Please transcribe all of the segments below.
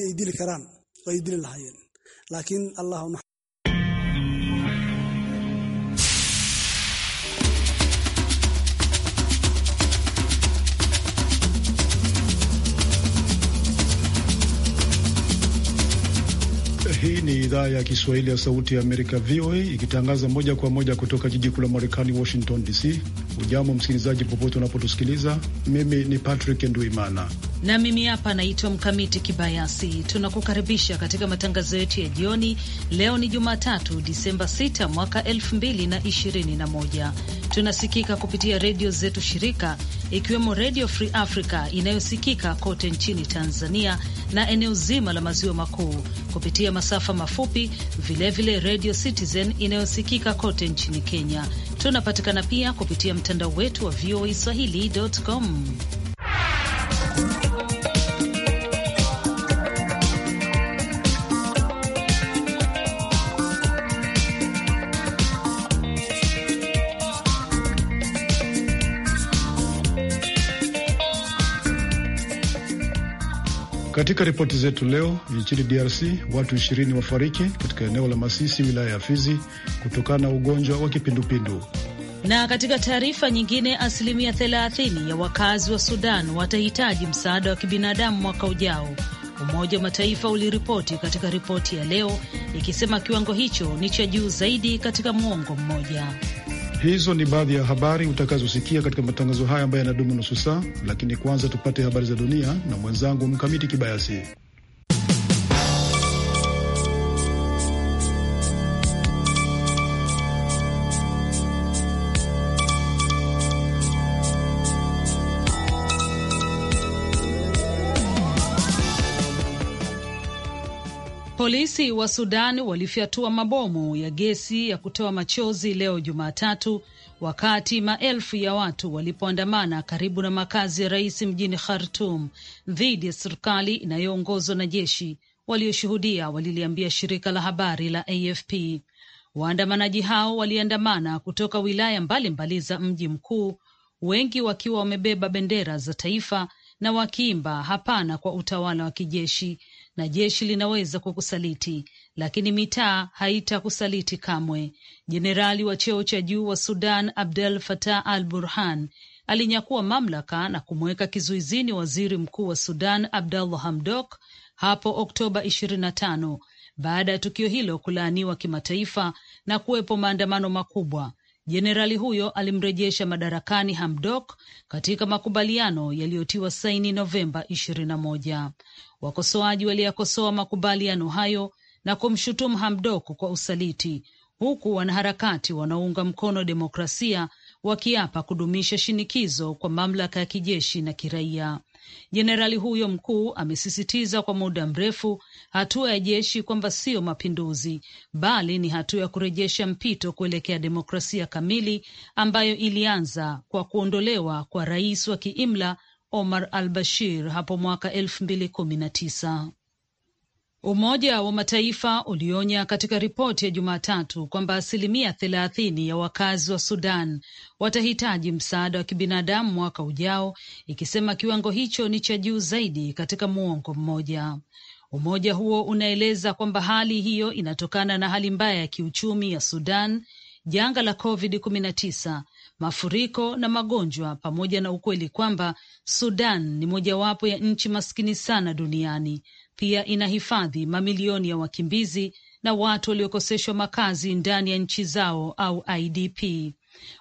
ay dili karaan ay dili lahaayeen laakiin allah Hii ni idhaa ya Kiswahili ya Sauti ya Amerika, VOA, ikitangaza moja kwa moja kutoka jiji kuu la Marekani, Washington DC. Ujambo msikilizaji, popote unapotusikiliza. Mimi ni Patrick Nduimana na mimi hapa naitwa Mkamiti Kibayasi. Tunakukaribisha katika matangazo yetu ya jioni. Leo ni Jumatatu, Disemba 6 mwaka 2021. Tunasikika kupitia redio zetu shirika, ikiwemo Redio Free Africa inayosikika kote nchini Tanzania na eneo zima la maziwa makuu kupitia masafa mafupi, vilevile Radio Citizen inayosikika kote nchini Kenya. Tunapatikana pia kupitia mtandao wetu wa VOA swahili.com. Katika ripoti zetu leo, nchini DRC watu ishirini wafariki katika eneo la Masisi, wilaya ya Fizi, kutokana na ugonjwa wa kipindupindu. Na katika taarifa nyingine, asilimia 30 ya wakazi wa Sudan watahitaji msaada wa kibinadamu mwaka ujao, Umoja wa Mataifa uliripoti katika ripoti ya leo ikisema kiwango hicho ni cha juu zaidi katika mwongo mmoja. Hizo ni baadhi ya habari utakazosikia katika matangazo haya ambayo yanadumu nusu saa, lakini kwanza tupate habari za dunia na mwenzangu Mkamiti Kibayasi. Polisi wa Sudan walifyatua mabomu ya gesi ya kutoa machozi leo Jumatatu wakati maelfu ya watu walipoandamana karibu na makazi ya rais mjini Khartum dhidi ya serikali inayoongozwa na jeshi. Walioshuhudia waliliambia shirika la habari la AFP waandamanaji hao waliandamana kutoka wilaya mbalimbali za mji mkuu, wengi wakiwa wamebeba bendera za taifa na wakiimba hapana kwa utawala wa kijeshi na jeshi linaweza kukusaliti, lakini mitaa haitakusaliti kamwe. Jenerali wa cheo cha juu wa Sudan Abdel Fattah al Burhan alinyakua mamlaka na kumweka kizuizini waziri mkuu wa Sudan Abdallah Hamdok hapo Oktoba 25 baada ya tukio hilo kulaaniwa kimataifa na kuwepo maandamano makubwa. Jenerali huyo alimrejesha madarakani Hamdok katika makubaliano yaliyotiwa saini Novemba Wakosoaji waliyakosoa makubaliano hayo na kumshutumu Hamdok kwa usaliti, huku wanaharakati wanaounga mkono demokrasia wakiapa kudumisha shinikizo kwa mamlaka ya kijeshi na kiraia. Jenerali huyo mkuu amesisitiza kwa muda mrefu hatua ya jeshi kwamba siyo mapinduzi bali ni hatua ya kurejesha mpito kuelekea demokrasia kamili ambayo ilianza kwa kuondolewa kwa rais wa kiimla Omar al Bashir hapo mwaka elfu mbili kumi na tisa. Umoja wa Mataifa ulionya katika ripoti ya Jumatatu kwamba asilimia thelathini ya wakazi wa Sudan watahitaji msaada wa kibinadamu mwaka ujao, ikisema kiwango hicho ni cha juu zaidi katika muongo mmoja. Umoja huo unaeleza kwamba hali hiyo inatokana na hali mbaya ya kiuchumi ya Sudan janga la COVID-19, mafuriko na magonjwa, pamoja na ukweli kwamba Sudan ni mojawapo ya nchi maskini sana duniani, pia inahifadhi mamilioni ya wakimbizi na watu waliokoseshwa makazi ndani ya nchi zao au IDP.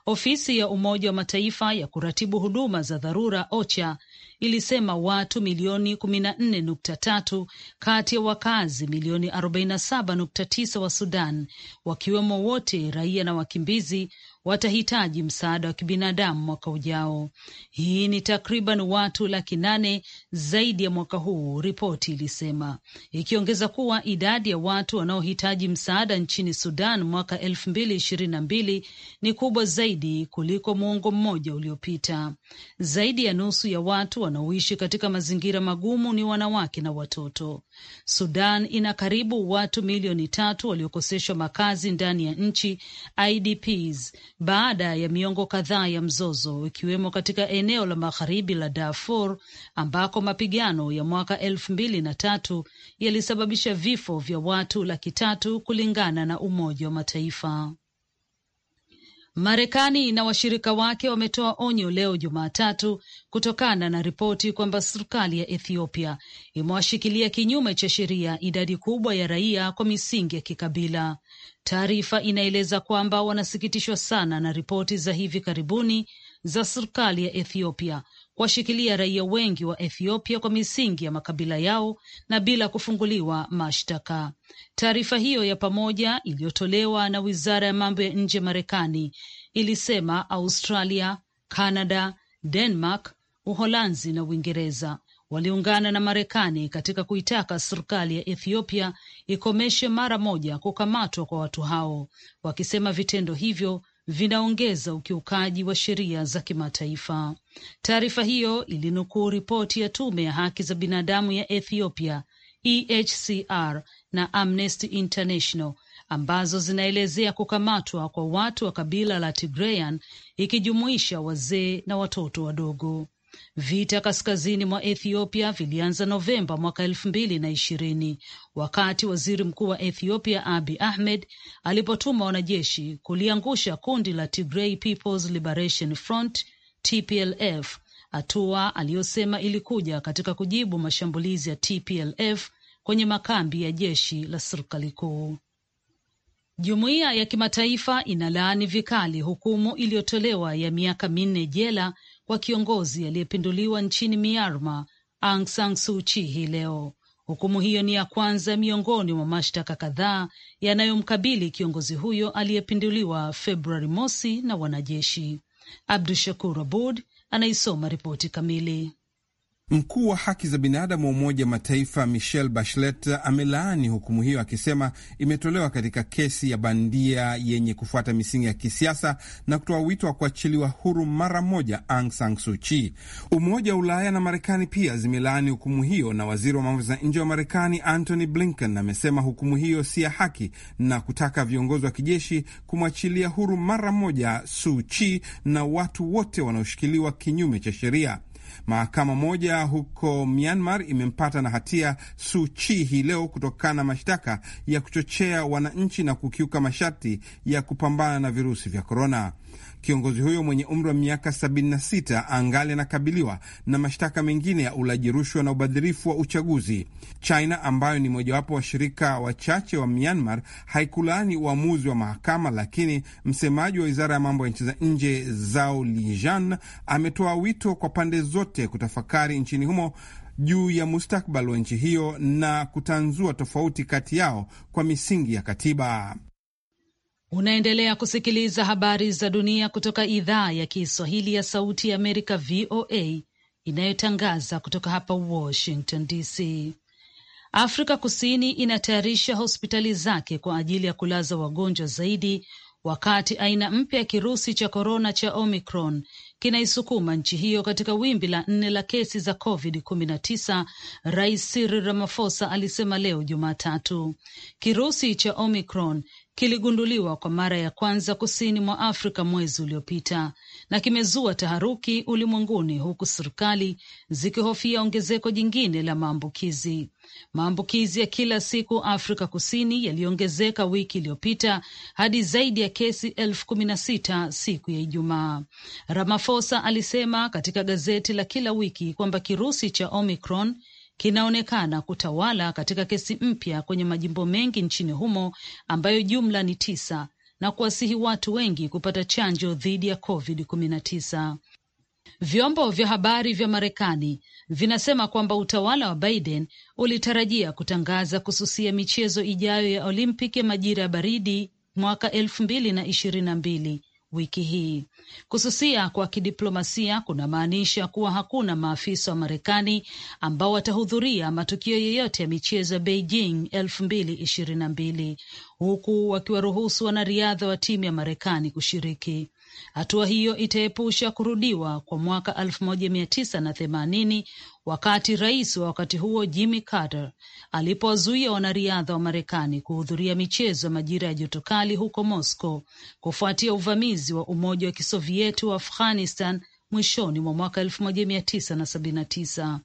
Ofisi ya Umoja wa Mataifa ya kuratibu huduma za dharura OCHA ilisema watu milioni 14.3 kati ya wakazi milioni 47.9 wa Sudan, wakiwemo wote raia na wakimbizi, watahitaji msaada wa kibinadamu mwaka ujao. Hii ni takriban watu laki nane zaidi ya mwaka huu, ripoti ilisema, ikiongeza kuwa idadi ya watu wanaohitaji msaada nchini Sudan mwaka elfu mbili ishirini na mbili ni kubwa zaidi kuliko muongo mmoja uliopita. Zaidi ya nusu ya watu wanaoishi katika mazingira magumu ni wanawake na watoto. Sudan ina karibu watu milioni tatu waliokoseshwa makazi ndani ya nchi IDPs baada ya miongo kadhaa ya mzozo, ikiwemo katika eneo la magharibi la Darfur ambako mapigano ya mwaka elfu mbili na tatu yalisababisha vifo vya watu laki tatu kulingana na Umoja wa Mataifa. Marekani na washirika wake wametoa onyo leo Jumatatu kutokana na ripoti kwamba serikali ya Ethiopia imewashikilia kinyume cha sheria idadi kubwa ya raia kwa misingi ya kikabila. Taarifa inaeleza kwamba wanasikitishwa sana na ripoti za hivi karibuni za serikali ya Ethiopia kuwashikilia raia wengi wa Ethiopia kwa misingi ya makabila yao na bila kufunguliwa mashtaka. Taarifa hiyo ya pamoja iliyotolewa na wizara ya mambo ya nje Marekani ilisema Australia, Canada, Denmark, Uholanzi na Uingereza waliungana na Marekani katika kuitaka serikali ya Ethiopia ikomeshe mara moja kukamatwa kwa watu hao, wakisema vitendo hivyo vinaongeza ukiukaji wa sheria za kimataifa. Taarifa hiyo ilinukuu ripoti ya tume ya haki za binadamu ya Ethiopia EHCR na Amnesty International ambazo zinaelezea kukamatwa kwa watu wa kabila la Tigrayan ikijumuisha wazee na watoto wadogo. Vita kaskazini mwa Ethiopia vilianza Novemba mwaka elfu mbili na ishirini wakati waziri mkuu wa Ethiopia Abi Ahmed alipotuma wanajeshi kuliangusha kundi la Tigray People's Liberation Front TPLF, hatua aliyosema ilikuja katika kujibu mashambulizi ya TPLF kwenye makambi ya jeshi la serikali kuu. Jumuiya ya kimataifa inalaani vikali hukumu iliyotolewa ya miaka minne jela kwa kiongozi aliyepinduliwa nchini Myanmar, Aung San Suu Kyi hii leo. Hukumu hiyo ni ya kwanza miongoni mwa mashtaka kadhaa yanayomkabili kiongozi huyo aliyepinduliwa Februari mosi na wanajeshi. Abdu Shakur Abud anaisoma ripoti kamili. Mkuu wa haki za binadamu wa Umoja Mataifa Michelle Bachelet amelaani hukumu hiyo akisema imetolewa katika kesi ya bandia yenye kufuata misingi ya kisiasa na kutoa wito wa kuachiliwa huru mara moja Aung San Suu Kyi. Umoja wa Ulaya na Marekani pia zimelaani hukumu hiyo, na waziri wa mambo za nje wa Marekani Antony Blinken amesema hukumu hiyo si ya haki na kutaka viongozi wa kijeshi kumwachilia huru mara moja Suu Kyi na watu wote wanaoshikiliwa kinyume cha sheria. Mahakama moja huko Myanmar imempata na hatia chi hii leo kutokana na mashtaka ya kuchochea wananchi na kukiuka masharti ya kupambana na virusi vya korona. Kiongozi huyo mwenye umri wa miaka 76 angali anakabiliwa na mashtaka mengine ya ulaji rushwa na ubadhirifu wa uchaguzi. China ambayo ni mojawapo washirika wachache wa Myanmar haikulaani uamuzi wa mahakama, lakini msemaji wa wizara ya mambo ya nchi za nje Zhao Lijian ametoa wito kwa pande zote kutafakari nchini humo juu ya mustakbal wa nchi hiyo na kutanzua tofauti kati yao kwa misingi ya katiba. Unaendelea kusikiliza habari za dunia kutoka idhaa ya Kiswahili ya Sauti ya Amerika, VOA, inayotangaza kutoka hapa Washington DC. Afrika Kusini inatayarisha hospitali zake kwa ajili ya kulaza wagonjwa zaidi wakati aina mpya ya kirusi cha korona cha Omicron kinaisukuma nchi hiyo katika wimbi la nne la kesi za COVID-19. Rais Cyril Ramaphosa alisema leo Jumatatu kirusi cha Omicron kiligunduliwa kwa mara ya kwanza kusini mwa Afrika mwezi uliopita na kimezua taharuki ulimwenguni, huku serikali zikihofia ongezeko jingine la maambukizi. Maambukizi ya kila siku Afrika Kusini yaliongezeka wiki iliyopita hadi zaidi ya kesi elfu kumi na sita siku ya Ijumaa. Ramaphosa alisema katika gazeti la kila wiki kwamba kirusi cha Omicron kinaonekana kutawala katika kesi mpya kwenye majimbo mengi nchini humo ambayo jumla ni tisa na kuwasihi watu wengi kupata chanjo dhidi ya COVID-19. Vyombo vya habari vya Marekani vinasema kwamba utawala wa Biden ulitarajia kutangaza kususia michezo ijayo ya Olimpiki ya majira ya baridi mwaka elfu mbili na ishirini na mbili wiki hii. Kususia kwa kidiplomasia kunamaanisha kuwa hakuna maafisa wa Marekani ambao watahudhuria matukio yoyote ya michezo ya Beijing elfu mbili ishirini na mbili huku wakiwaruhusu wanariadha wa timu ya Marekani kushiriki. Hatua hiyo itaepusha kurudiwa kwa mwaka elfu moja mia tisa na themanini wakati rais wa wakati huo Jimmy Carter alipowazuia wanariadha wa Marekani kuhudhuria michezo ya majira ya joto kali huko Moscow kufuatia uvamizi wa Umoja wa Kisovieti wa Afghanistan mwishoni mwa mwaka 1979.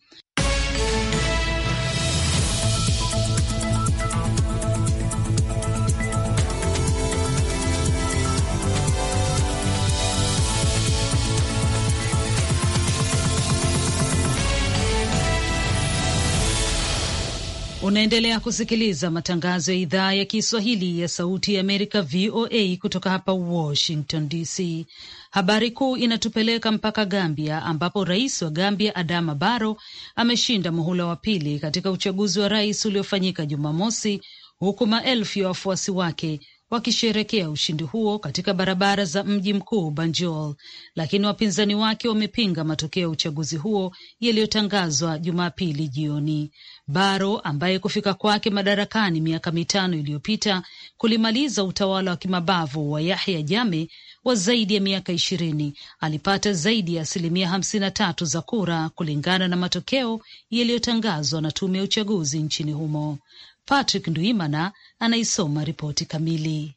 Unaendelea kusikiliza matangazo ya idhaa ya Kiswahili ya Sauti ya Amerika, VOA, kutoka hapa Washington DC. Habari kuu inatupeleka mpaka Gambia, ambapo rais wa Gambia Adama baro ameshinda muhula wa pili katika uchaguzi wa rais uliofanyika Jumamosi, huku maelfu ya wafuasi wake wakisherekea ushindi huo katika barabara za mji mkuu Banjul, lakini wapinzani wake wamepinga matokeo ya uchaguzi huo yaliyotangazwa Jumapili jioni. Baro ambaye kufika kwake madarakani miaka mitano iliyopita kulimaliza utawala wa kimabavu wa Yahya jame wa zaidi ya miaka ishirini alipata zaidi ya asilimia hamsini na tatu za kura kulingana na matokeo yaliyotangazwa na tume ya uchaguzi nchini humo. Patrick Nduimana anaisoma ripoti kamili.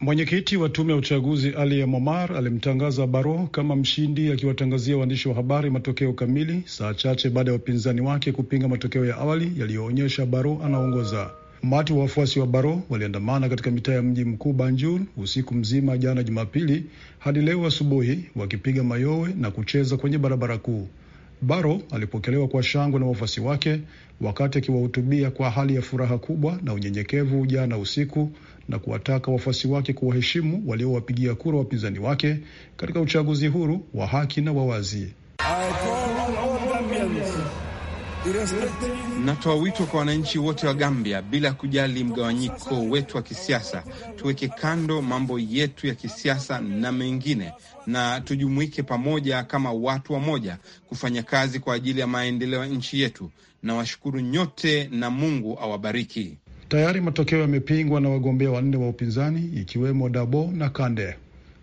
Mwenyekiti wa tume ya uchaguzi Ali ya Momar alimtangaza Baro kama mshindi, akiwatangazia waandishi wa habari matokeo kamili saa chache baada ya wapinzani wake kupinga matokeo ya awali yaliyoonyesha Baro anaongoza. Umati wa wafuasi wa Baro waliandamana katika mitaa ya mji mkuu Banjul usiku mzima jana Jumapili hadi leo asubuhi, wakipiga mayowe na kucheza kwenye barabara kuu baro alipokelewa kwa shangwe na wafuasi wake wakati akiwahutubia kwa hali ya furaha kubwa na unyenyekevu jana usiku na kuwataka wafuasi wake kuwaheshimu waliowapigia kura wapinzani wake katika uchaguzi huru wa haki na wawazi Natoa wito kwa wananchi wote wa Gambia, bila kujali mgawanyiko wetu wa kisiasa, tuweke kando mambo yetu ya kisiasa na mengine, na tujumuike pamoja kama watu wamoja kufanya kazi kwa ajili ya maendeleo ya nchi yetu. Na washukuru nyote na Mungu awabariki. Tayari matokeo yamepingwa na wagombea wanne wa upinzani ikiwemo Dabo na Kande,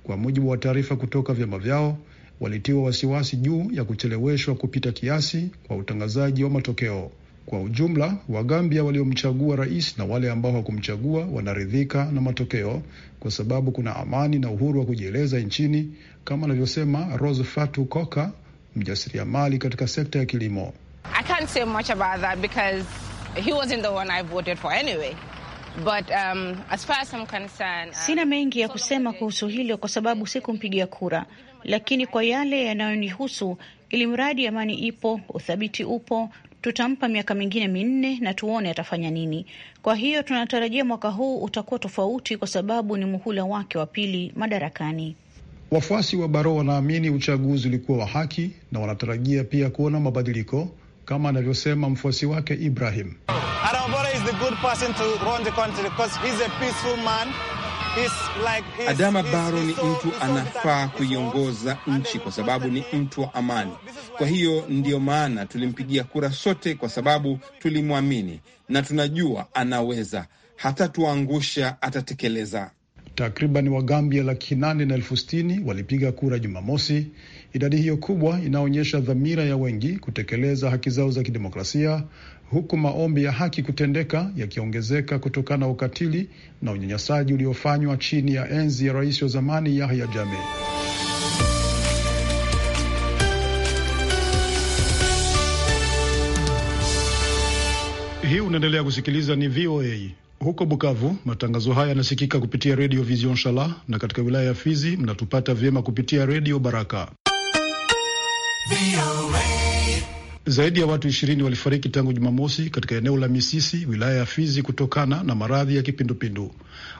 kwa mujibu wa taarifa kutoka vyama vyao walitiwa wasiwasi juu ya kucheleweshwa kupita kiasi kwa utangazaji wa matokeo. Kwa ujumla, Wagambia waliomchagua rais na wale ambao hawakumchagua wanaridhika na matokeo kwa sababu kuna amani na uhuru wa kujieleza nchini, kama anavyosema Rose Fatu Koka, mjasiriamali katika sekta ya kilimo. But, um, as far as I'm concerned, um, sina mengi ya kusema kuhusu hilo kwa sababu sikumpigia kura, lakini kwa yale yanayonihusu, ili mradi amani ipo, uthabiti upo, tutampa miaka mingine minne na tuone atafanya nini. Kwa hiyo tunatarajia mwaka huu utakuwa tofauti, kwa sababu ni muhula wake wa pili madarakani. Wafuasi wa baro wanaamini uchaguzi ulikuwa wa haki na wanatarajia pia kuona mabadiliko kama anavyosema mfuasi wake Ibrahim. Adama Barrow ni mtu anafaa kuiongoza nchi kwa sababu ni mtu wa amani. Kwa hiyo ndiyo maana tulimpigia kura sote, kwa sababu tulimwamini na tunajua anaweza, hata tuangusha atatekeleza. Takriban Wagambia laki nane na elfu sitini walipiga kura Jumamosi Idadi hiyo kubwa inaonyesha dhamira ya wengi kutekeleza haki zao za kidemokrasia, huku maombi ya haki kutendeka yakiongezeka kutokana na ukatili na unyanyasaji uliofanywa chini ya enzi ya rais wa zamani Yahya Jammeh. Hii unaendelea kusikiliza ni VOA huko Bukavu. Matangazo haya yanasikika kupitia redio Vision Shala, na katika wilaya ya Fizi mnatupata vyema kupitia redio Baraka. Zaidi ya watu ishirini walifariki tangu Jumamosi katika eneo la Misisi, wilaya ya Fizi, kutokana na maradhi ya kipindupindu.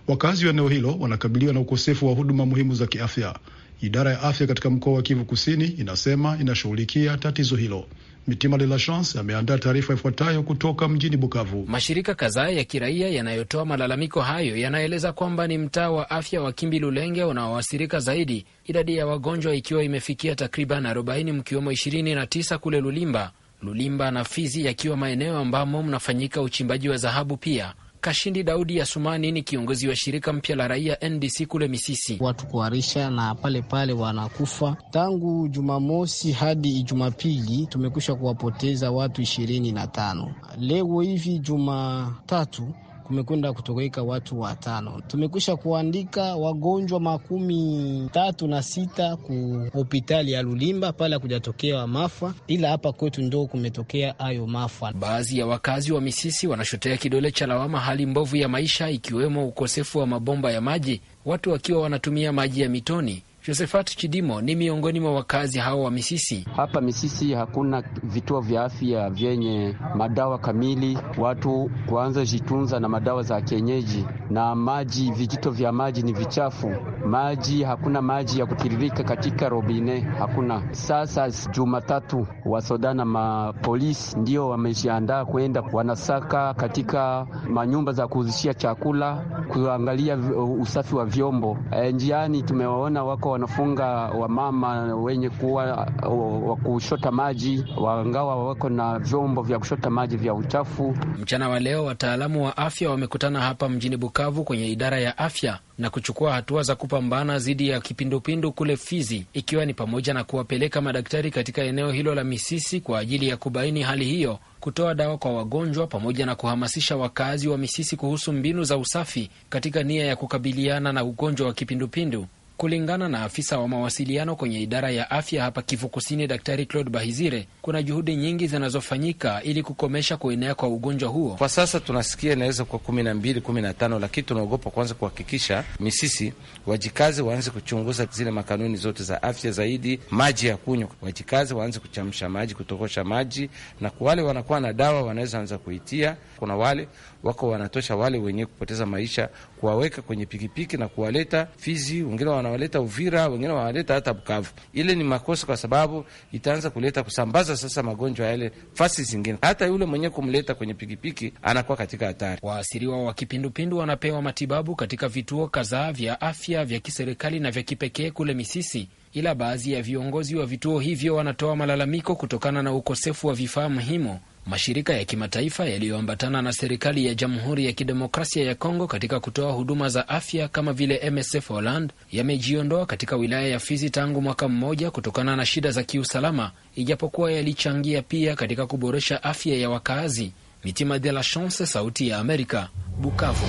Wakazi wa eneo hilo wanakabiliwa na ukosefu wa huduma muhimu za kiafya. Idara ya afya katika mkoa wa Kivu Kusini inasema inashughulikia tatizo hilo. Mitima de la Chance ameandaa taarifa ifuatayo kutoka mjini Bukavu. Mashirika kadhaa ya kiraia yanayotoa malalamiko hayo yanaeleza kwamba ni mtaa wa afya wa Kimbi Lulenge unaoathirika zaidi, idadi ya wagonjwa ikiwa imefikia takriban 40 mkiwemo 29 kule Lulimba, Lulimba na Fizi yakiwa maeneo ambamo mnafanyika uchimbaji wa dhahabu pia Kashindi Daudi Asumani ni kiongozi wa shirika mpya la raia NDC kule Misisi. Watu kuharisha na pale pale wanakufa. Tangu Jumamosi hadi Jumapili tumekwisha kuwapoteza watu ishirini na tano. Leo hivi Jumatatu kumekwenda kutokeka watu watano. Tumekwisha kuandika wagonjwa makumi tatu na sita ku hospitali ya Lulimba, pale akujatokea mafa, ila hapa kwetu ndo kumetokea hayo mafa. Baadhi ya wakazi wa Misisi wanashotea kidole cha lawama hali mbovu ya maisha, ikiwemo ukosefu wa mabomba ya maji, watu wakiwa wanatumia maji ya mitoni Josephat Chidimo ni miongoni mwa wakazi hao wa Misisi. Hapa Misisi hakuna vituo vya afya vyenye madawa kamili, watu kuanza jitunza na madawa za kienyeji, na maji, vijito vya maji ni vichafu, maji hakuna maji ya kutiririka katika robine hakuna. Sasa Jumatatu wasoda na mapolisi ndio wamejiandaa kwenda, wanasaka katika manyumba za kuuzishia chakula, kuangalia usafi wa vyombo. E, njiani tumewaona wako wanafunga wamama wenye kuwa uh, wa kushota maji, wangawa wako na vyombo vya kushota maji vya uchafu. Mchana wa leo wataalamu wa afya wamekutana hapa mjini Bukavu kwenye idara ya afya na kuchukua hatua za kupambana dhidi ya kipindupindu kule Fizi, ikiwa ni pamoja na kuwapeleka madaktari katika eneo hilo la Misisi kwa ajili ya kubaini hali hiyo, kutoa dawa kwa wagonjwa, pamoja na kuhamasisha wakazi wa Misisi kuhusu mbinu za usafi katika nia ya kukabiliana na ugonjwa wa kipindupindu. Kulingana na afisa wa mawasiliano kwenye idara ya afya hapa Kivu Kusini, Daktari Claude Bahizire, kuna juhudi nyingi zinazofanyika ili kukomesha kuenea kwa ugonjwa huo. Kwa sasa tunasikia inaweza kuwa kumi na mbili, kumi na tano, lakini tunaogopa kwanza kuhakikisha misisi wajikazi waanze kuchunguza zile makanuni zote za afya, zaidi maji ya kunywa, wajikazi waanze kuchamsha maji, kutokosha maji, na kwa wale wanakuwa na dawa wanaweza anza kuitia. Kuna wale wako wanatosha wale wenyewe kupoteza maisha kuwaweka kwenye pikipiki na kuwaleta Fizi, wengine wanawaleta Uvira, wengine wanawaleta hata Bukavu. Ile ni makosa, kwa sababu itaanza kuleta kusambaza sasa magonjwa yale fasi zingine. Hata yule mwenye kumleta kwenye pikipiki anakuwa katika hatari. Waasiriwa wa kipindupindu wanapewa matibabu katika vituo kadhaa vya afya vya kiserikali na vya kipekee kule Misisi, ila baadhi ya viongozi wa vituo hivyo wanatoa malalamiko kutokana na ukosefu wa vifaa muhimu mashirika ya kimataifa yaliyoambatana na serikali ya Jamhuri ya Kidemokrasia ya Kongo katika kutoa huduma za afya kama vile MSF Holland yamejiondoa katika wilaya ya Fizi tangu mwaka mmoja kutokana na shida za kiusalama, ijapokuwa yalichangia pia katika kuboresha afya ya wakaazi. Mitima de la Chance, Sauti ya Amerika, Bukavu.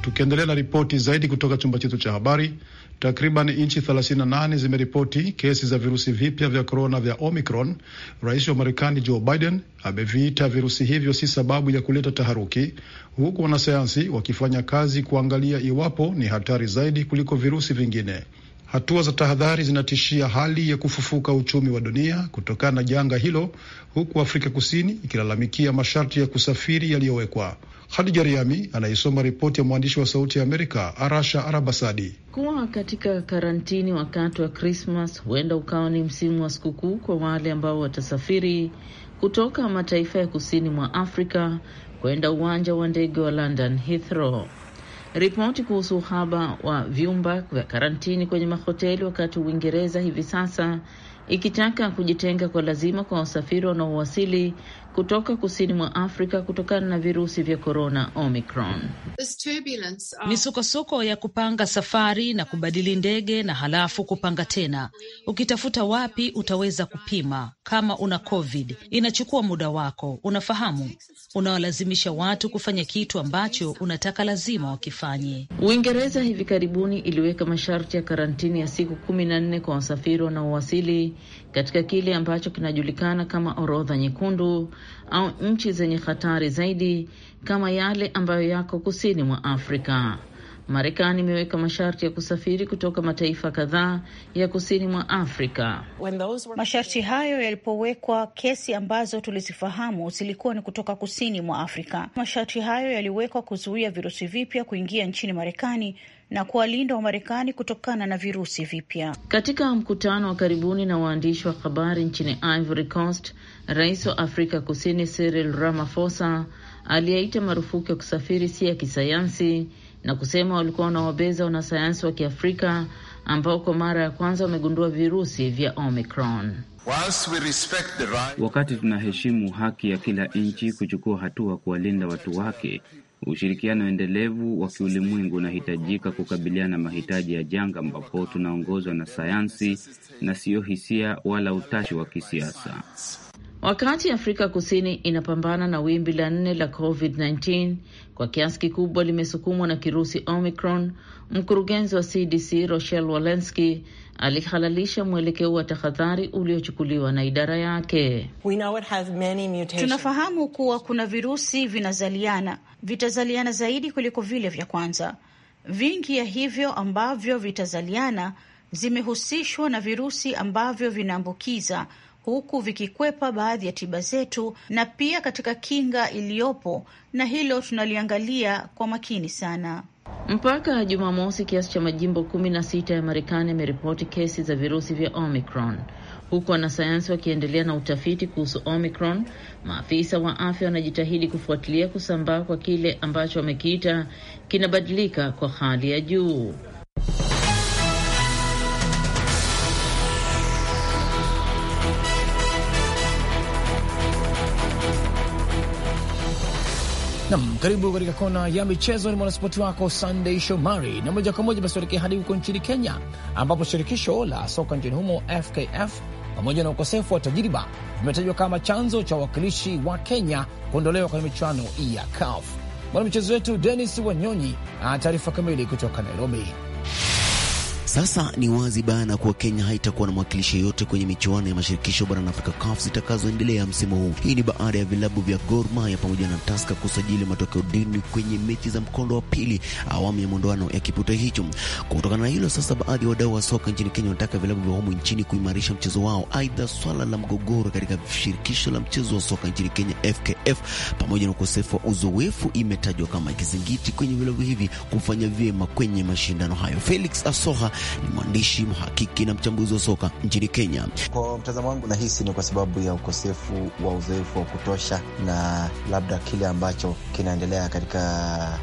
Tukiendelea na ripoti zaidi kutoka chumba chetu cha habari. Takriban nchi 38 zimeripoti kesi za virusi vipya vya korona vya Omicron. Rais wa Marekani Joe Biden ameviita virusi hivyo si sababu ya kuleta taharuki, huku wanasayansi wakifanya kazi kuangalia iwapo ni hatari zaidi kuliko virusi vingine. Hatua za tahadhari zinatishia hali ya kufufuka uchumi wa dunia kutokana na janga hilo, huku Afrika Kusini ikilalamikia masharti ya kusafiri yaliyowekwa. Hadija Riami anaisoma ripoti ya mwandishi wa Sauti ya Amerika Arasha Arabasadi. Kuwa katika karantini wakati wa Krismas huenda ukawa ni msimu wa sikukuu kwa wale ambao watasafiri kutoka mataifa ya kusini mwa Afrika kwenda uwanja wa ndege wa London Heathrow. Ripoti kuhusu uhaba wa vyumba vya karantini kwenye mahoteli, wakati Uingereza hivi sasa ikitaka kujitenga kwa lazima kwa wasafiri wanaowasili kutoka kusini mwa Afrika kutokana na virusi vya korona Omicron. Misukosuko ya kupanga safari na kubadili ndege na halafu kupanga tena, ukitafuta wapi utaweza kupima kama una COVID. Inachukua muda wako, unafahamu, unawalazimisha watu kufanya kitu ambacho unataka lazima wakifanye. Uingereza hivi karibuni iliweka masharti ya karantini ya siku kumi na nne kwa wasafiri wanaowasili katika kile ambacho kinajulikana kama orodha nyekundu au nchi zenye hatari zaidi kama yale ambayo yako kusini mwa Afrika. Marekani imeweka masharti ya kusafiri kutoka mataifa kadhaa ya kusini mwa Afrika. Masharti hayo yalipowekwa, kesi ambazo tulizifahamu zilikuwa ni kutoka kusini mwa Afrika. Masharti hayo yaliwekwa kuzuia virusi vipya kuingia nchini Marekani na kuwalinda Wamarekani kutokana na virusi vipya. Katika mkutano wa karibuni na waandishi wa habari nchini Ivory Coast, Rais wa Afrika Kusini Cyril Ramaphosa aliyeita marufuku ya kusafiri si ya kisayansi na kusema walikuwa wanawabeza wanasayansi wa Kiafrika ambao kwa mara ya kwanza wamegundua virusi vya Omicron. Right... wakati tunaheshimu haki ya kila nchi kuchukua hatua kuwalinda watu wake, ushirikiano endelevu wa kiulimwengu unahitajika kukabiliana na mahitaji ya janga, ambapo tunaongozwa na sayansi na siyo hisia wala utashi wa kisiasa. Wakati Afrika Kusini inapambana na wimbi la nne la COVID-19 kwa kiasi kikubwa limesukumwa na kirusi Omicron, mkurugenzi wa CDC Rochelle Walensky alihalalisha mwelekeo wa tahadhari uliochukuliwa na idara yake. Tunafahamu kuwa kuna virusi vinazaliana, vitazaliana zaidi kuliko vile vya kwanza. Vingi ya hivyo ambavyo vitazaliana zimehusishwa na virusi ambavyo vinaambukiza huku vikikwepa baadhi ya tiba zetu na pia katika kinga iliyopo, na hilo tunaliangalia kwa makini sana. Mpaka Jumamosi, kiasi cha majimbo kumi na sita ya Marekani yameripoti kesi za virusi vya Omicron. Huku wanasayansi wakiendelea na utafiti kuhusu Omicron, maafisa wa afya wanajitahidi kufuatilia kusambaa kwa kile ambacho wamekiita kinabadilika kwa hali ya juu. Nam, karibu katika kona ya michezo. Ni mwanaspoti wako Sunday Shomari, na moja kwa moja basi tuelekee hadi huko nchini Kenya, ambapo shirikisho la soka nchini humo FKF pamoja na ukosefu wa tajriba vimetajwa kama chanzo cha uwakilishi wa Kenya kuondolewa kwenye michuano ya CAF. Mwanamichezo wetu Denis Wanyonyi ana taarifa kamili kutoka Nairobi. Sasa ni wazi bayana kuwa Kenya haitakuwa na mwakilishi yote kwenye michuano ya mashirikisho barani Afrika CAF zitakazoendelea msimu huu. Hii ni baada ya vilabu vya Gor Mahia pamoja na Tusker kusajili matokeo duni kwenye mechi za mkondo wa pili awamu ya mwondoano ya kipute hicho. Kutokana na hilo, sasa baadhi ya wadau wa soka nchini Kenya wanataka vilabu vya humu nchini kuimarisha mchezo wao. Aidha, swala la mgogoro katika shirikisho la mchezo wa soka nchini Kenya FKF pamoja na ukosefu wa uzoefu imetajwa kama kizingiti kwenye vilabu hivi kufanya vyema kwenye mashindano hayo. Felix Asoha ni mwandishi, mhakiki na mchambuzi wa soka nchini Kenya. Kwa mtazamo wangu, nahisi ni kwa sababu ya ukosefu wa uzoefu wa kutosha na labda kile ambacho kinaendelea katika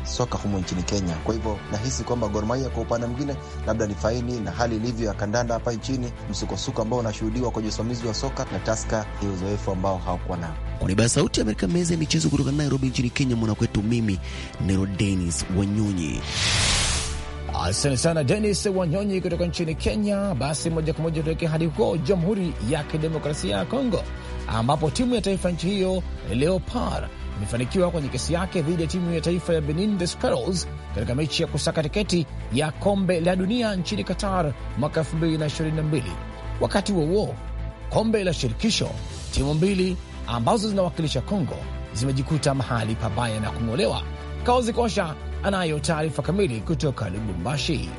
soka humu nchini Kenya. Kwa hivyo nahisi kwamba Gor Mahia kwa upande mwingine labda ni faini na hali ilivyo ya kandanda hapa nchini, msukosuko ambao unashuhudiwa kwenye usimamizi wa soka na Taska ya uzoefu ambao hawakuwa nao. Kwa niaba ya Sauti ya Amerika, meza ya michezo kutoka Nairobi nchini Kenya, mwanakwetu mimi Nero Denis Wanyonyi. Asante sana Denis Wanyonyi kutoka nchini Kenya. Basi moja kwa moja tuelekee hadi huko Jamhuri ya Kidemokrasia ya Kongo, ambapo timu ya taifa nchi hiyo Leopard imefanikiwa kwenye kesi yake dhidi ya timu ya taifa ya Benin the Sparrows katika mechi ya kusaka tiketi ya kombe la dunia nchini Qatar mwaka 2022. Wakati huo huo, kombe la shirikisho, timu mbili ambazo zinawakilisha Kongo zimejikuta mahali pabaya na kung'olewa. Kaozi Kosha anayo taarifa kamili kutoka Lubumbashi.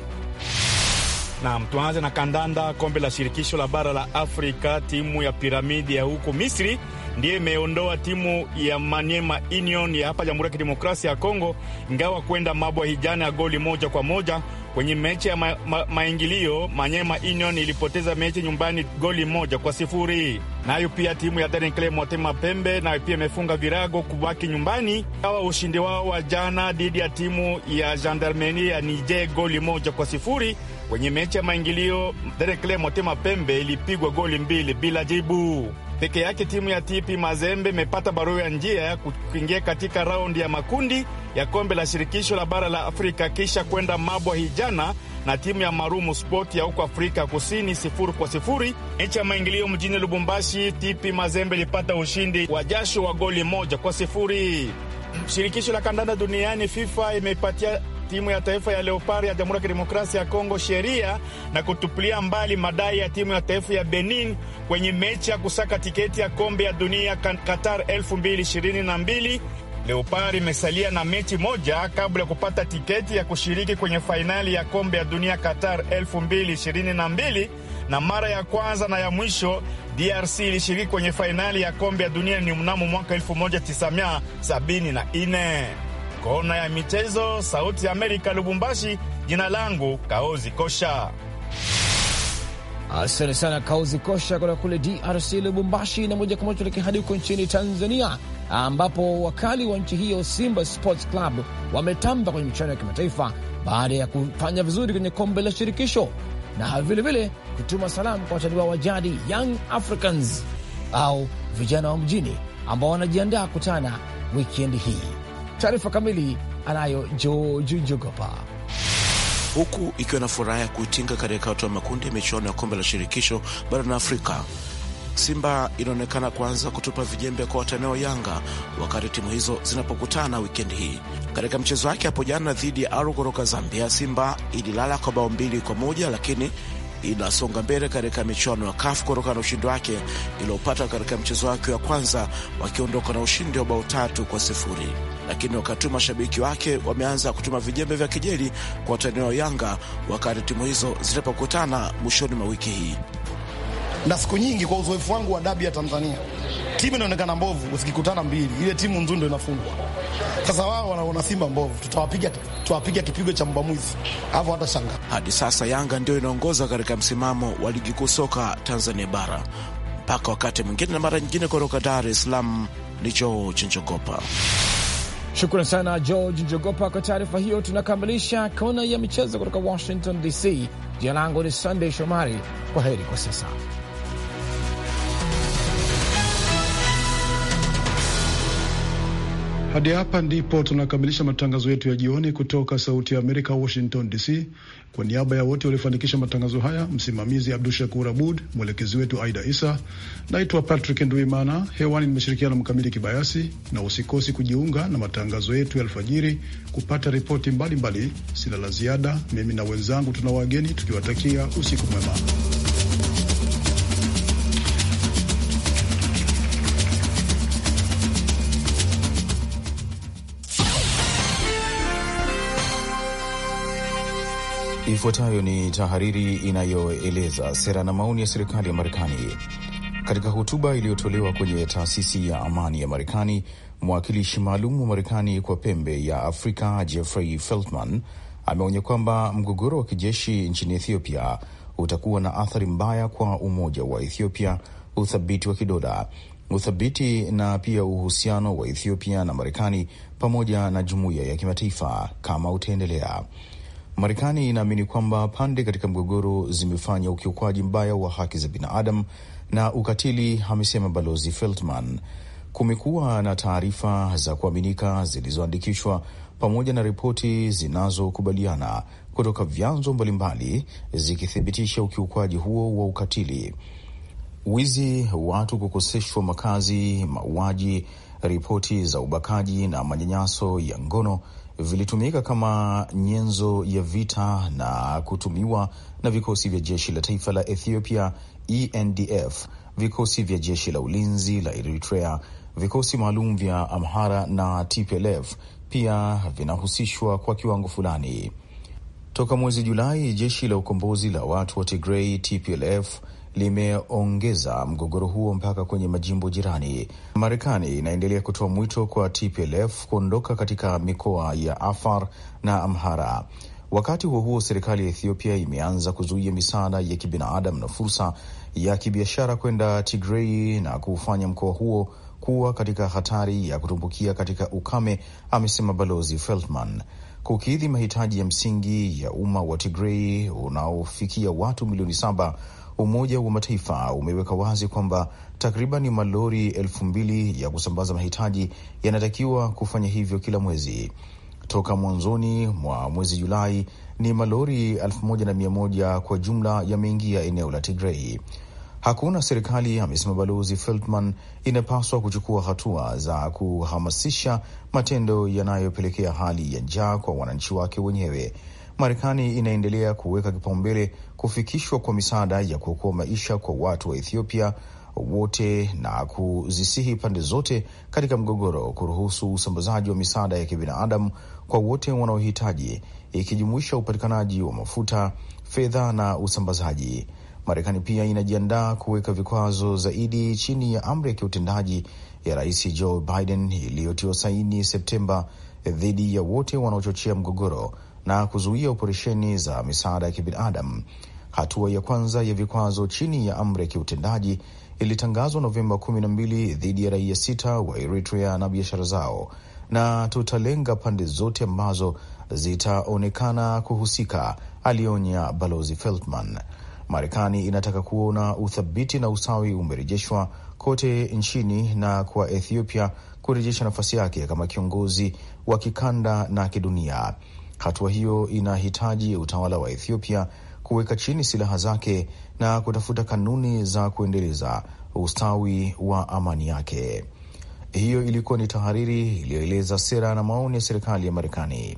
Nam, tuanze na kandanda. Kombe la shirikisho la bara la Afrika, timu ya piramidi ya huku Misri ndiye imeondoa timu ya Maniema Union ya hapa Jamhuri ya Kidemokrasia ya Kongo, ingawa kwenda mabwa hijana ya goli moja kwa moja Kwenye mechi ya ma, ma, maingilio Manyema Union ilipoteza mechi nyumbani goli moja kwa sifuri. Nayo pia timu ya Darenkle Motema Pembe nayo pia imefunga virago kubaki nyumbani kawa ushindi wao wa jana dhidi ya timu ya Gendarmeri ya Nije goli moja kwa sifuri. Kwenye mechi ya maingilio Darenkle Motema Pembe ilipigwa goli mbili bila jibu peke yake timu ya TP Mazembe imepata barua ya njia ya kuingia katika raundi ya makundi ya kombe la shirikisho la bara la Afrika kisha kwenda mabwa hijana na timu ya Marumu Sport ya huko Afrika Kusini sifuri kwa sifuri. Mechi ya maingilio mjini Lubumbashi, TP Mazembe ilipata ushindi wa jasho wa goli moja kwa sifuri. Shirikisho la kandanda duniani FIFA imeipatia timu ya taifa ya Leopard ya Jamhuri ya Kidemokrasia ya Kongo sheria na kutupilia mbali madai ya timu ya taifa ya Benin kwenye mechi ya kusaka tiketi ya kombe ya dunia Qatar 2022. Leopard imesalia na mechi moja kabla ya kupata tiketi ya kushiriki kwenye fainali ya kombe ya dunia Qatar 2022 na mara ya kwanza na ya mwisho DRC ilishiriki kwenye fainali ya kombe ya dunia ni mnamo mwaka 1974. Kona ya michezo, Sauti ya Amerika, Lubumbashi. Jina langu Kaozi Kosha. Asante sana Kaozi Kosha kutoka kule DRC, Lubumbashi. Na moja kwa moja tuelekea hadi huko nchini Tanzania, ambapo wakali wa nchi hiyo Simba Sports Club wametamba kwenye michuano ya kimataifa baada ya kufanya vizuri kwenye kombe la shirikisho na vilevile kutuma salamu kwa watani wao wa jadi Young Africans au vijana wa mjini ambao wanajiandaa kutana wikendi hii. Taarifa kamili anayo George Jogopa. Huku ikiwa na furaha ya kuitinga katika hatua ya makundi ya michuano ya kombe la shirikisho barani Afrika, Simba inaonekana kuanza kutupa vijembe kwa wataneo Yanga wakati timu hizo zinapokutana wikendi hii. Katika mchezo wake hapo jana dhidi ya Aru kutoka Zambia, Simba ililala kwa bao mbili kwa moja lakini inasonga mbele katika michuano ya KAFU kutokana na ushindi wake iliyopata katika mchezo wake wa kwanza, wakiondoka na ushindi wa bao tatu kwa sifuri lakini wakati mashabiki wake wameanza kutuma vijembe vya kejeli kwa watani wa Yanga wakati timu hizo zitapokutana mwishoni mwa wiki hii. Na siku nyingi, kwa uzoefu wangu wa dabi ya Tanzania, timu inaonekana mbovu, zikikutana mbili, ile timu nzuri ndo inafungwa. Sasa wao wanaona Simba mbovu, tutawapiga tutawapiga kipigo cha mbamwizi hapo, hata shanga. Hadi sasa Yanga ndio inaongoza katika msimamo wa ligi kuu soka Tanzania bara mpaka wakati mwingine na mara nyingine. Kutoka Dar es Salaam ni Choo Njogopa. Shukran sana George Njogopa kwa taarifa hiyo. Tunakamilisha kona ya michezo kutoka Washington DC. Jina langu ni Sandey Shomari. Kwa heri kwa sasa. Hadi hapa ndipo tunakamilisha matangazo yetu ya jioni kutoka Sauti ya Amerika, Washington DC. Kwa niaba ya wote waliofanikisha matangazo haya, msimamizi Abdu Shakur Abud, mwelekezi wetu Aida Isa. Naitwa Patrick Nduimana, hewani nimeshirikiana Mkamili Kibayasi, na usikosi kujiunga na matangazo yetu ya alfajiri kupata ripoti mbalimbali. Sina la ziada, mimi na wenzangu tuna wageni tukiwatakia usiku mwema. Ifuatayo ni tahariri inayoeleza sera na maoni ya serikali ya Marekani. Katika hotuba iliyotolewa kwenye taasisi ya amani ya Marekani, mwakilishi maalum wa Marekani kwa pembe ya Afrika Jeffrey Feltman ameonya kwamba mgogoro wa kijeshi nchini Ethiopia utakuwa na athari mbaya kwa umoja wa Ethiopia, uthabiti wa kidola, uthabiti na pia uhusiano wa Ethiopia na Marekani pamoja na jumuiya ya kimataifa kama utaendelea. Marekani inaamini kwamba pande katika mgogoro zimefanya ukiukwaji mbaya wa haki za binadamu na ukatili, amesema Balozi Feltman. Kumekuwa na taarifa za kuaminika zilizoandikishwa pamoja na ripoti zinazokubaliana kutoka vyanzo mbalimbali zikithibitisha ukiukwaji huo wa ukatili, wizi, watu kukoseshwa makazi, mauaji, ripoti za ubakaji na manyanyaso ya ngono vilitumika kama nyenzo ya vita na kutumiwa na vikosi vya jeshi la taifa la Ethiopia ENDF, vikosi vya jeshi la ulinzi la Eritrea, vikosi maalum vya Amhara na TPLF pia vinahusishwa kwa kiwango fulani. Toka mwezi Julai, jeshi la ukombozi la watu wa Tigrei TPLF limeongeza mgogoro huo mpaka kwenye majimbo jirani. Marekani inaendelea kutoa mwito kwa TPLF kuondoka katika mikoa ya Afar na Amhara. Wakati huo huo, serikali ya Ethiopia imeanza kuzuia misaada ya kibinadamu na fursa ya kibiashara kwenda Tigrei na kuufanya mkoa huo kuwa katika hatari ya kutumbukia katika ukame, amesema Balozi Feldman. Kukidhi mahitaji ya msingi ya umma wa Tigrei unaofikia watu milioni saba Umoja wa Mataifa umeweka wazi kwamba takriban malori elfu mbili ya kusambaza mahitaji yanatakiwa kufanya hivyo kila mwezi. Toka mwanzoni mwa mwezi Julai ni malori elfu moja na mia moja kwa jumla yameingia eneo la Tigrei. Hakuna serikali, amesema Balozi Feltman, inapaswa kuchukua hatua za kuhamasisha matendo yanayopelekea hali ya njaa kwa wananchi wake wenyewe Marekani inaendelea kuweka kipaumbele kufikishwa kwa misaada ya kuokoa maisha kwa watu wa Ethiopia wote na kuzisihi pande zote katika mgogoro kuruhusu usambazaji wa misaada ya kibinadamu kwa wote wanaohitaji, ikijumuisha upatikanaji wa mafuta, fedha na usambazaji. Marekani pia inajiandaa kuweka vikwazo zaidi chini ya amri ya kiutendaji ya Rais Joe Biden iliyotiwa saini Septemba dhidi ya wote wanaochochea mgogoro na kuzuia operesheni za misaada ya kibinadamu. Hatua ya kwanza ya vikwazo chini ya amri ya kiutendaji ilitangazwa Novemba 12 dhidi ya raia sita wa Eritrea na biashara zao, na tutalenga pande zote ambazo zitaonekana kuhusika, alionya Balozi Feltman. Marekani inataka kuona uthabiti na usawi umerejeshwa kote nchini na kwa Ethiopia kurejesha nafasi yake kama kiongozi wa kikanda na kidunia. Hatua hiyo inahitaji utawala wa Ethiopia kuweka chini silaha zake na kutafuta kanuni za kuendeleza ustawi wa amani yake. Hiyo ilikuwa ni tahariri iliyoeleza sera na maoni ya serikali ya Marekani.